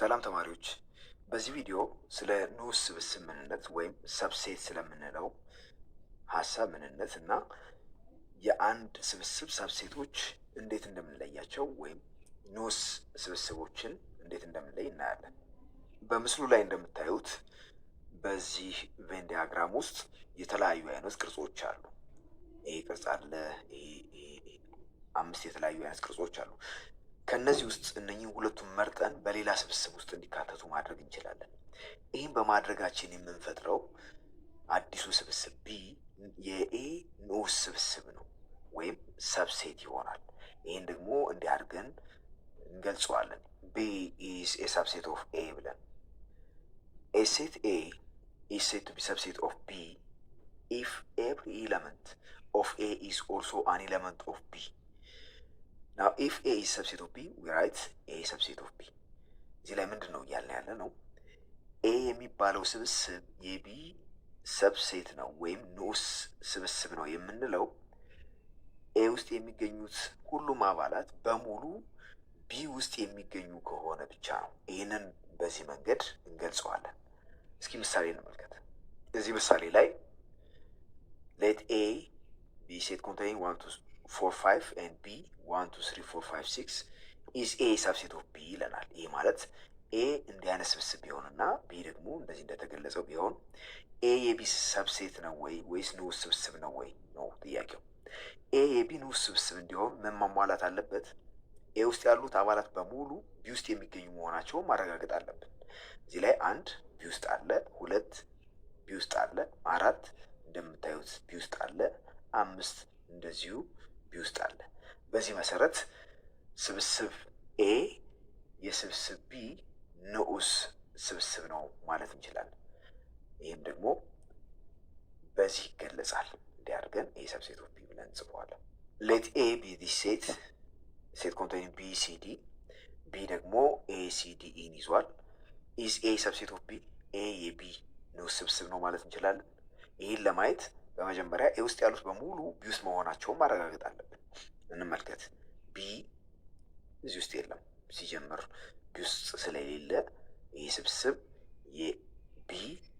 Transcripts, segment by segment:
ሰላም ተማሪዎች፣ በዚህ ቪዲዮ ስለ ንዑስ ስብስብ ምንነት ወይም ሰብሴት ስለምንለው ሀሳብ ምንነት እና የአንድ ስብስብ ሰብሴቶች እንዴት እንደምንለያቸው ወይም ንዑስ ስብስቦችን እንዴት እንደምንለይ እናያለን። በምስሉ ላይ እንደምታዩት በዚህ ቬን ዲያግራም ውስጥ የተለያዩ አይነት ቅርጾች አሉ። ይሄ ቅርጽ አለ። ይሄ አምስት የተለያዩ አይነት ቅርጾች አሉ። ከእነዚህ ውስጥ እነኚህ ሁለቱን መርጠን በሌላ ስብስብ ውስጥ እንዲካተቱ ማድረግ እንችላለን። ይህም በማድረጋችን የምንፈጥረው አዲሱ ስብስብ ቢ የኤ ንዑስ ስብስብ ነው ወይም ሰብሴት ይሆናል። ይህን ደግሞ እንዲያድርገን እንገልጸዋለን። ቢ ኢዝ ኤ ሰብሴት ኦፍ ኤ ብለን ኤ ሴት ኤ ኢዝ ሴት ቱ ቢ ሰብሴት ኦፍ ቢ ኢፍ ኤቭሪ ኢለመንት ኦፍ ኤ ኢስ ኦልሶ አን ኢለመንት ኦፍ ቢ ናው ኢፍ ኤ ኢዝ ሰብሴት ኦፍ ቢ ዊ ራይት ኤ ሰብሴት ኦፍ ቢ። እዚህ ላይ ምንድን ነው እያልን ያለ ነው? ኤ የሚባለው ስብስብ የቢ ሰብሴት ነው ወይም ንዑስ ስብስብ ነው የምንለው ኤ ውስጥ የሚገኙት ሁሉም አባላት በሙሉ ቢ ውስጥ የሚገኙ ከሆነ ብቻ ነው። ይህንን በዚህ መንገድ እንገልጸዋለን። እስኪ ምሳሌ እንመልከት። እዚህ ምሳሌ ላይ ሌት ኤ The set containing 1, 2, 4, 5 and B 1, 2, 3, 4, 5, 6 is A subset of B ይለናል። ይህ ማለት ኤ እንዲህ አይነት ስብስብ ቢሆንና ቢ ደግሞ እንደዚህ እንደተገለጸው ቢሆን ኤ የቢ ሰብሴት ነው ወይ ወይስ ንዑስ ስብስብ ነው ወይ ነው ጥያቄው። ኤ የቢ ንዑስ ስብስብ እንዲሆን ምን መሟላት አለበት? ኤ ውስጥ ያሉት አባላት በሙሉ ቢ ውስጥ የሚገኙ መሆናቸውን ማረጋገጥ አለብን። እዚህ ላይ አንድ ቢ ውስጥ አለ፣ ሁለት ቢ ውስጥ አለ፣ አራት እንደምታዩት ቢ ውስጥ አለ አምስት እንደዚሁ ቢ ውስጥ አለ። በዚህ መሰረት ስብስብ ኤ የስብስብ ቢ ንዑስ ስብስብ ነው ማለት እንችላለን። ይህም ደግሞ በዚህ ይገለጻል። እንዲህ አድርገን ኤ ሰብሴት ኦፍ ቢ ብለን እንጽፈዋለን። ሌት ኤ ቢ ዲስ ሴት ሴት ኮንቴኒንግ ቢ ሲ ዲ ቢ ደግሞ ኤ ሲ ዲ ኢን ይዟል። ኢዝ ኤ ሰብሴት ኦፍ ቢ ኤ የቢ ንዑስ ስብስብ ነው ማለት እንችላለን። ይህን ለማየት በመጀመሪያ ኤ ውስጥ ያሉት በሙሉ ቢ ውስጥ መሆናቸውን ማረጋገጥ አለብን። እንመልከት። ቢ እዚህ ውስጥ የለም ሲጀምር ቢ ውስጥ ስለሌለ ይህ ስብስብ የቢ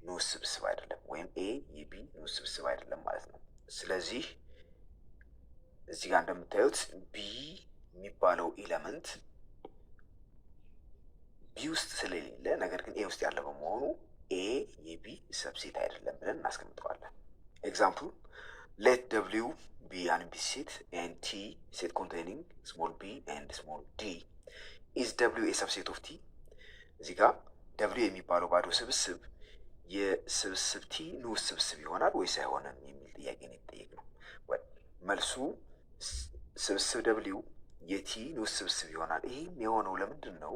ንዑስ ስብስብ አይደለም፣ ወይም ኤ የቢ ንዑስ ስብስብ አይደለም ማለት ነው። ስለዚህ እዚህ ጋር እንደምታዩት ቢ የሚባለው ኢለመንት ቢ ውስጥ ስለሌለ ነገር ግን ኤ ውስጥ ያለ በመሆኑ ኤ የቢ ሰብሴት አይደለም ብለን እናስቀምጠዋለን። Example, let W be an implicit and T set containing small b and small d. Is W a subset of T? እዚህ ጋር ደብሊው የሚባለው ባዶ ስብስብ የስብስብ ቲ ንዑስ ስብስብ ይሆናል ወይስ አይሆንም የሚል ጥያቄ ነው የተጠየቅነው። መልሱ ስብስብ ደብሊው የቲ ንዑስ ስብስብ ይሆናል። ይህም የሆነው ለምንድን ነው?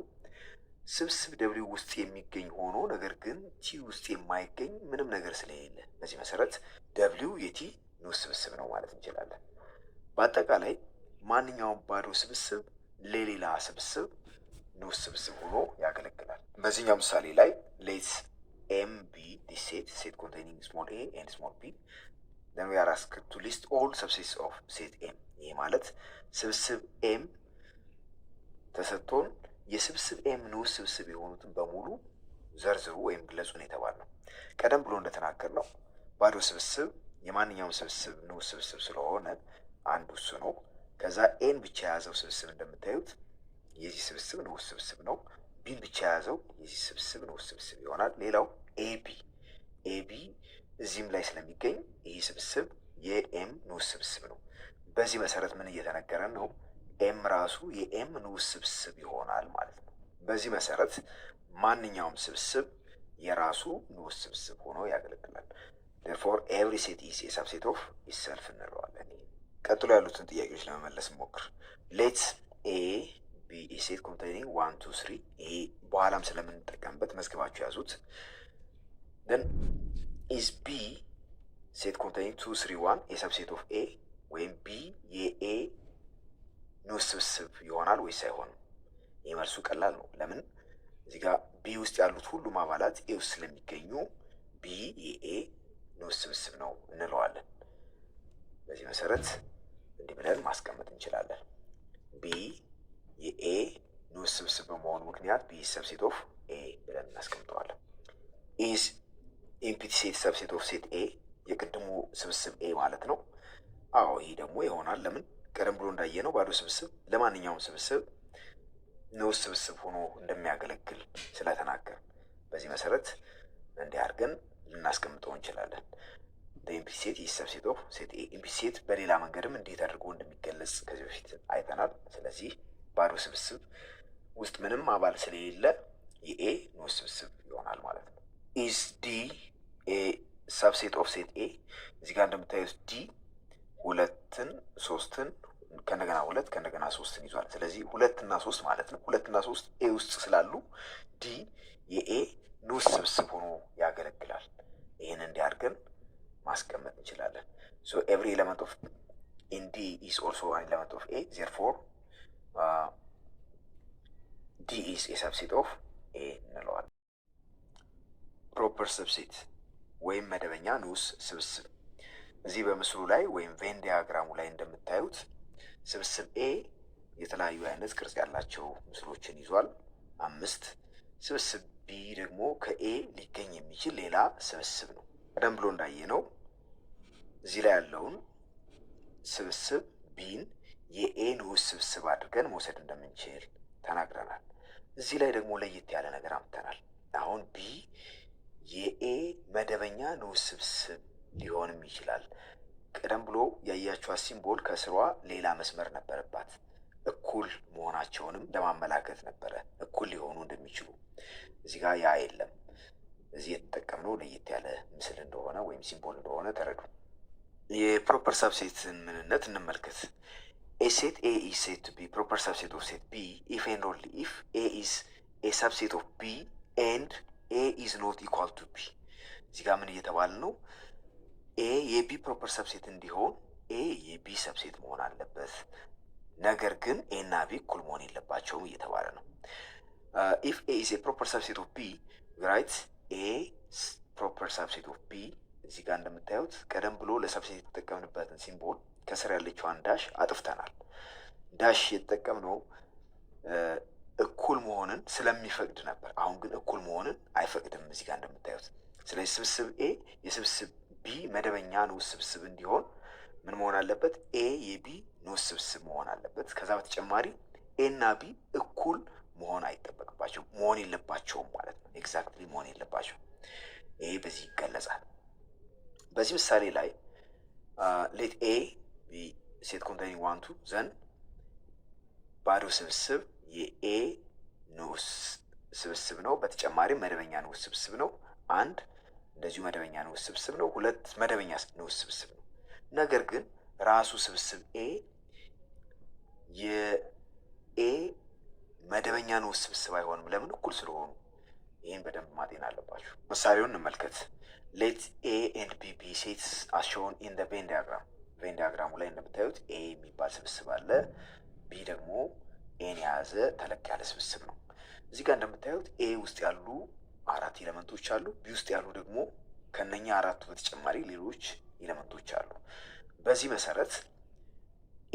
ስብስብ ደብሊው ውስጥ የሚገኝ ሆኖ ነገር ግን ቲ ውስጥ የማይገኝ ምንም ነገር ስለሌለ በዚህ መሰረት ደብሊው የቲ ኑ ስብስብ ነው ማለት እንችላለን። በአጠቃላይ ማንኛውም ባዶ ስብስብ ለሌላ ስብስብ ኑ ስብስብ ሆኖ ያገለግላል። በዚህኛው ምሳሌ ላይ ሌትስ ኤም ቢ ዲስ ሴት ሴት ኮንቴኒንግ ስሞል ኤ ኤንድ ስሞል ቢ ዘን ዊ አር አስክድ ቱ ሊስት ኦል ሰብሴትስ ኦፍ ሴት ኤም። ይህ ማለት ስብስብ ኤም ተሰጥቶን የስብስብ ኤም ንዑስ ስብስብ የሆኑትን በሙሉ ዘርዝሩ ወይም ግለጹ ነው ቀደም ብሎ እንደተናገር ነው። ባዶ ስብስብ የማንኛውም ስብስብ ንዑስ ስብስብ ስለሆነ አንዱ እሱ ነው። ከዛ ኤን ብቻ የያዘው ስብስብ እንደምታዩት የዚህ ስብስብ ንዑስ ስብስብ ነው። ቢን ብቻ የያዘው የዚህ ስብስብ ንዑስ ስብስብ ይሆናል። ሌላው ኤቢ ኤቢ እዚህም ላይ ስለሚገኝ ይህ ስብስብ የኤም ንዑስ ስብስብ ነው። በዚህ መሰረት ምን እየተነገረን ነው? ኤም ራሱ የኤም ንዑስ ስብስብ ይሆናል ማለት ነው። በዚህ መሰረት ማንኛውም ስብስብ የራሱ ንዑስ ስብስብ ሆኖ ያገለግላል። ፎር ኤቭሪ ሴት ኢዝ የሳብሴት ኦፍ ይሰልፍ እንለዋለን። ቀጥሎ ያሉትን ጥያቄዎች ለመመለስ ሞክር። ሌት ኤ ቢ ሴት ኮንቴኒንግ ዋን ቱ ስሪ። ይሄ በኋላም ስለምንጠቀምበት መዝግባችሁ ያዙት። ን ኢዝ ቢ ሴት ኮንቴኒንግ ቱ ስሪ ዋን የሳብሴት ኦፍ ኤ ወይም ቢ የኤ ኒው ስብስብ ይሆናል ወይስ አይሆንም? የመልሱ ቀላል ነው። ለምን እዚህ ጋር ቢ ውስጥ ያሉት ሁሉም አባላት ኤ ውስጥ ስለሚገኙ ቢ የኤ ኒው ስብስብ ነው እንለዋለን። በዚህ መሰረት እንዲህ ብለን ማስቀመጥ እንችላለን። ቢ የኤ ኒው ስብስብ በመሆኑ ምክንያት ቢ ሰብሴት ኦፍ ኤ ብለን እናስቀምጠዋለን። ኢዝ ኢምፒቲ ሴት ሰብሴት ኦፍ ሴት ኤ የቅድሙ ስብስብ ኤ ማለት ነው። አዎ ይህ ደግሞ ይሆናል። ለምን ቀደም ብሎ እንዳየነው ባዶ ስብስብ ለማንኛውም ስብስብ ንዑስ ስብስብ ሆኖ እንደሚያገለግል ስለተናገር በዚህ መሰረት እንዲህ አድርገን ልናስቀምጠው እንችላለን። ኢምፕሊሲት ኢዝ ሰብሴት ኦፍ ሴት ኤ። በሌላ መንገድም እንዴት አድርጎ እንደሚገለጽ ከዚህ በፊት አይተናል። ስለዚህ ባዶ ስብስብ ውስጥ ምንም አባል ስለሌለ የኤ ንዑስ ስብስብ ይሆናል ማለት ነው። ኢስ ዲ ኤ ሰብሴት ኦፍ ሴት ኤ። እዚህ ጋር እንደምታዩት ዲ ሁለትን፣ ሶስትን፣ ከእንደገና ሁለት ከእንደገና ሶስትን ይዟል። ስለዚህ ሁለት እና ሶስት ማለት ነው። ሁለት እና ሶስት ኤ ውስጥ ስላሉ ዲ የኤ ንዑስ ስብስብ ሆኖ ያገለግላል። ይህን እንዲያድርገን ማስቀመጥ እንችላለን። ሶ ኤቭሪ ኤለመንት ኦፍ ኢን ዲ ኢዝ ኦልሶ አን ኤለመንት ኦፍ ኤ ዜርፎር ዲ ኢስ ኤ ሰብሴት ኦፍ ኤ እንለዋል። ፕሮፐር ሰብሴት ወይም መደበኛ ንዑስ ስብስብ እዚህ በምስሉ ላይ ወይም ቬን ዲያግራሙ ላይ እንደምታዩት ስብስብ ኤ የተለያዩ አይነት ቅርጽ ያላቸው ምስሎችን ይዟል አምስት። ስብስብ ቢ ደግሞ ከኤ ሊገኝ የሚችል ሌላ ስብስብ ነው። ቀደም ብሎ እንዳየ ነው እዚህ ላይ ያለውን ስብስብ ቢን የኤ ንዑስ ስብስብ አድርገን መውሰድ እንደምንችል ተናግረናል። እዚህ ላይ ደግሞ ለየት ያለ ነገር አምጥተናል። አሁን ቢ የኤ መደበኛ ንዑስ ስብስብ ሊሆንም ይችላል። ቀደም ብሎ ያያችኋት ሲምቦል ከስሯ ሌላ መስመር ነበረባት። እኩል መሆናቸውንም ለማመላከት ነበረ፣ እኩል ሊሆኑ እንደሚችሉ። እዚህ ጋር ያ የለም። እዚህ የተጠቀምነው ለየት ያለ ምስል እንደሆነ ወይም ሲምቦል እንደሆነ ተረዱ። የፕሮፐር ሰብሴትን ምንነት እንመልከት። ኤ ሴት ኤ ኢዝ ቱ ቢ ፕሮፐር ሰብሴት ኦፍ ሴት ቢ ኢፍ ኤንድ ኦንሊ ኢፍ ኤ ኢዝ ኤ ሰብሴት ኦፍ ቢ ኤንድ ኤ ኢዝ ኖት ኢኳል ቱ ቢ። እዚህ ጋር ምን እየተባለ ነው? ኤ የቢ ፕሮፐር ሰብሴት እንዲሆን ኤ የቢ ሰብሴት መሆን አለበት። ነገር ግን ኤ እና ቢ እኩል መሆን የለባቸውም እየተባለ ነው። ኢፍ ኤ ኢዝ ፕሮፐር ሰብሴት ኦፍ ቢ ራይት ኤ ፕሮፐር ሰብሴት ኦፍ ቢ እዚህ ጋር እንደምታዩት ቀደም ብሎ ለሰብሴት የተጠቀምንበትን ሲምቦል ከስር ያለችዋን ዳሽ አጥፍተናል። ዳሽ የተጠቀምነው እኩል መሆንን ስለሚፈቅድ ነበር። አሁን ግን እኩል መሆንን አይፈቅድም እዚህ ጋር እንደምታዩት። ስለዚህ ስብስብ ኤ የስብስብ ቢ መደበኛ ንዑስ ስብስብ እንዲሆን ምን መሆን አለበት? ኤ የቢ ንዑስ ስብስብ መሆን አለበት። ከዛ በተጨማሪ ኤ እና ቢ እኩል መሆን አይጠበቅባቸው መሆን የለባቸውም ማለት ነው። ኤግዛክትሊ መሆን የለባቸው። ይሄ በዚህ ይገለጻል። በዚህ ምሳሌ ላይ ሌት ኤ ቢ ሴት ኮንቴኒንግ ዋንቱ ዘን ባዶ ስብስብ የኤ ንዑስ ስብስብ ነው። በተጨማሪም መደበኛ ንዑስ ስብስብ ነው አንድ እንደዚሁ መደበኛ ንዑስ ስብስብ ነው። ሁለት መደበኛ ንዑስ ስብስብ ነው። ነገር ግን ራሱ ስብስብ ኤ የኤ መደበኛ ንዑስ ስብስብ አይሆንም። ለምን? እኩል ስለሆኑ። ይህን በደንብ ማጤን አለባችሁ። ምሳሌውን እንመልከት። ሌት ኤ ኤንድ ቢ ቢ ሴትስ አሸውን ኢን ቬን ዲያግራም። ቬን ዲያግራሙ ላይ እንደምታዩት ኤ የሚባል ስብስብ አለ። ቢ ደግሞ ኤን የያዘ ተለቅ ያለ ስብስብ ነው። እዚህ ጋር እንደምታዩት ኤ ውስጥ ያሉ አራት ኤለመንቶች አሉ። ቢ ውስጥ ያሉ ደግሞ ከነኛ አራቱ በተጨማሪ ሌሎች ኤለመንቶች አሉ። በዚህ መሰረት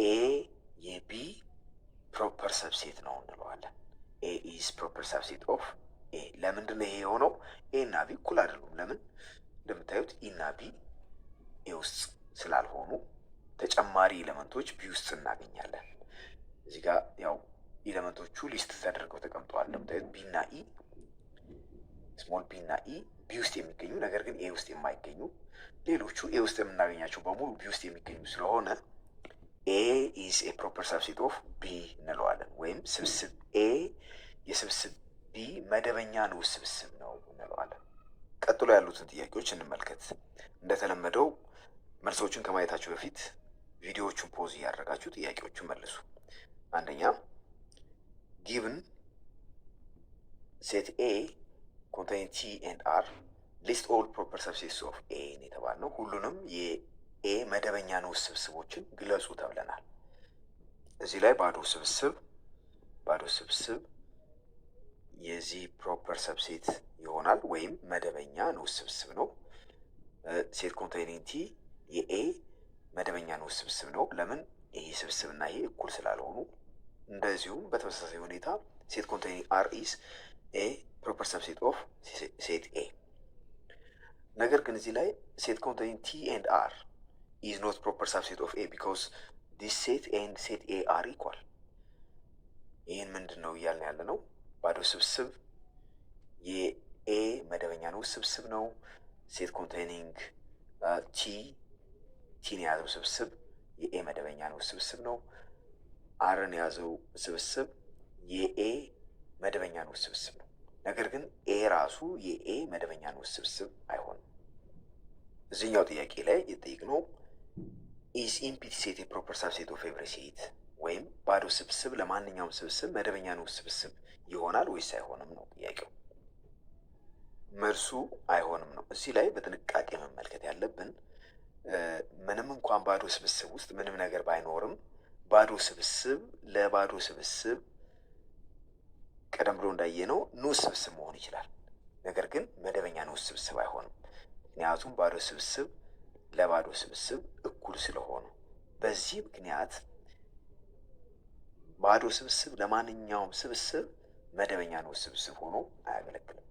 ኤ የቢ ፕሮፐር ሰብሴት ነው እንለዋለን። ኤ ኢዝ ፕሮፐር ሰብሴት ኦፍ ኤ። ለምንድን ነው ይሄ የሆነው? ኤ እና ቢ እኩል አይደሉም። ለምን? እንደምታዩት ኢ እና ቢ ኤ ውስጥ ስላልሆኑ ተጨማሪ ኤለመንቶች ቢ ውስጥ እናገኛለን። እዚህ ጋር ያው ኤለመንቶቹ ሊስት ተደርገው ተቀምጠዋል። እንደምታዩት ቢ እና ኢ ስሞል ቢ እና ኢ ቢ ውስጥ የሚገኙ ነገር ግን ኤ ውስጥ የማይገኙ ሌሎቹ ኤ ውስጥ የምናገኛቸው በሙሉ ቢ ውስጥ የሚገኙ ስለሆነ ኤ ኢዝ ኤ ፕሮፐር ሰብሴት ኦፍ ቢ እንለዋለን። ወይም ስብስብ ኤ የስብስብ ቢ መደበኛ ንዑስ ስብስብ ነው እንለዋለን። ቀጥሎ ያሉትን ጥያቄዎች እንመልከት። እንደተለመደው መልሶቹን ከማየታችሁ በፊት ቪዲዮዎቹን ፖዝ እያደረጋችሁ ጥያቄዎቹን መልሱ። አንደኛ ጊቭን ሴት ኤ ኮንቴንት ቲ ኤንድ አር ሊስት ኦል ፕሮፐር ሰብሴትስ ኦፍ ኤ የተባልነው ሁሉንም የኤ መደበኛ ንዑስ ስብስቦችን ግለጹ ተብለናል። እዚህ ላይ ባዶ ስብስብ ባዶ ስብስብ የዚህ ፕሮፐር ሰብሴት ይሆናል ወይም መደበኛ ንዑስ ስብስብ ነው። ሴት ኮንቴኒንግ ቲ የኤ መደበኛ ንዑስ ስብስብ ነው። ለምን ይሄ ስብስብ ይሄ እኩል ስላልሆኑ። እንደዚሁም በተመሳሳይ ሁኔታ ሴት ኮንቴኒንግ አር ኢዝ ኤ ፕሮፐር ሰብሴት ኦፍ ሴት ኤ። ነገር ግን እዚህ ላይ ሴት ኮንቴኒንግ ቲ ኤንድ አር ኢዝ ኖት ፕሮፐር ሰብሴት ኦፍ ኤ ቢኮዝ ዲስ ሴት ኤንድ ሴት ኤ አር ኢኳል። ይህን ምንድን ነው እያልን ያለ ነው? ባዶ ስብስብ የኤ መደበኛ ነው ስብስብ ነው። ሴት ኮንቴኒንግ ቲ ቲን የያዘው ስብስብ የኤ መደበኛ ነው ስብስብ ነው። አርን የያዘው ስብስብ የኤ መደበኛ ነው ስብስብ ነው። ነገር ግን ኤ ራሱ የኤ መደበኛ ውስብስብ ስብስብ አይሆንም። እዚህኛው ጥያቄ ላይ የጠየቅነው ኢስ ኢምፕቲ ሴት የፕሮፐር ሳብሴት ኦፍ ኤቭሪ ሴት ወይም ባዶ ስብስብ ለማንኛውም ስብስብ መደበኛ ነው ስብስብ ይሆናል ወይስ አይሆንም ነው ጥያቄው። መልሱ አይሆንም ነው። እዚህ ላይ በጥንቃቄ መመልከት ያለብን ምንም እንኳን ባዶ ስብስብ ውስጥ ምንም ነገር ባይኖርም ባዶ ስብስብ ለባዶ ስብስብ ቀደም ብሎ እንዳየነው ንዑስ ስብስብ መሆን ይችላል። ነገር ግን መደበኛ ንዑስ ስብስብ አይሆንም። ምክንያቱም ባዶ ስብስብ ለባዶ ስብስብ እኩል ስለሆኑ፣ በዚህ ምክንያት ባዶ ስብስብ ለማንኛውም ስብስብ መደበኛ ንዑስ ስብስብ ሆኖ አያገለግልም።